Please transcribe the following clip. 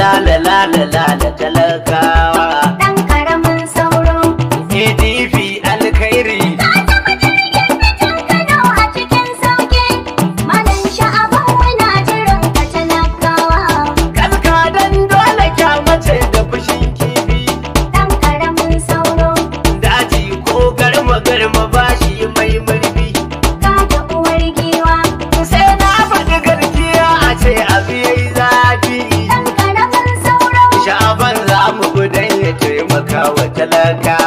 la la la la la taimaka talaka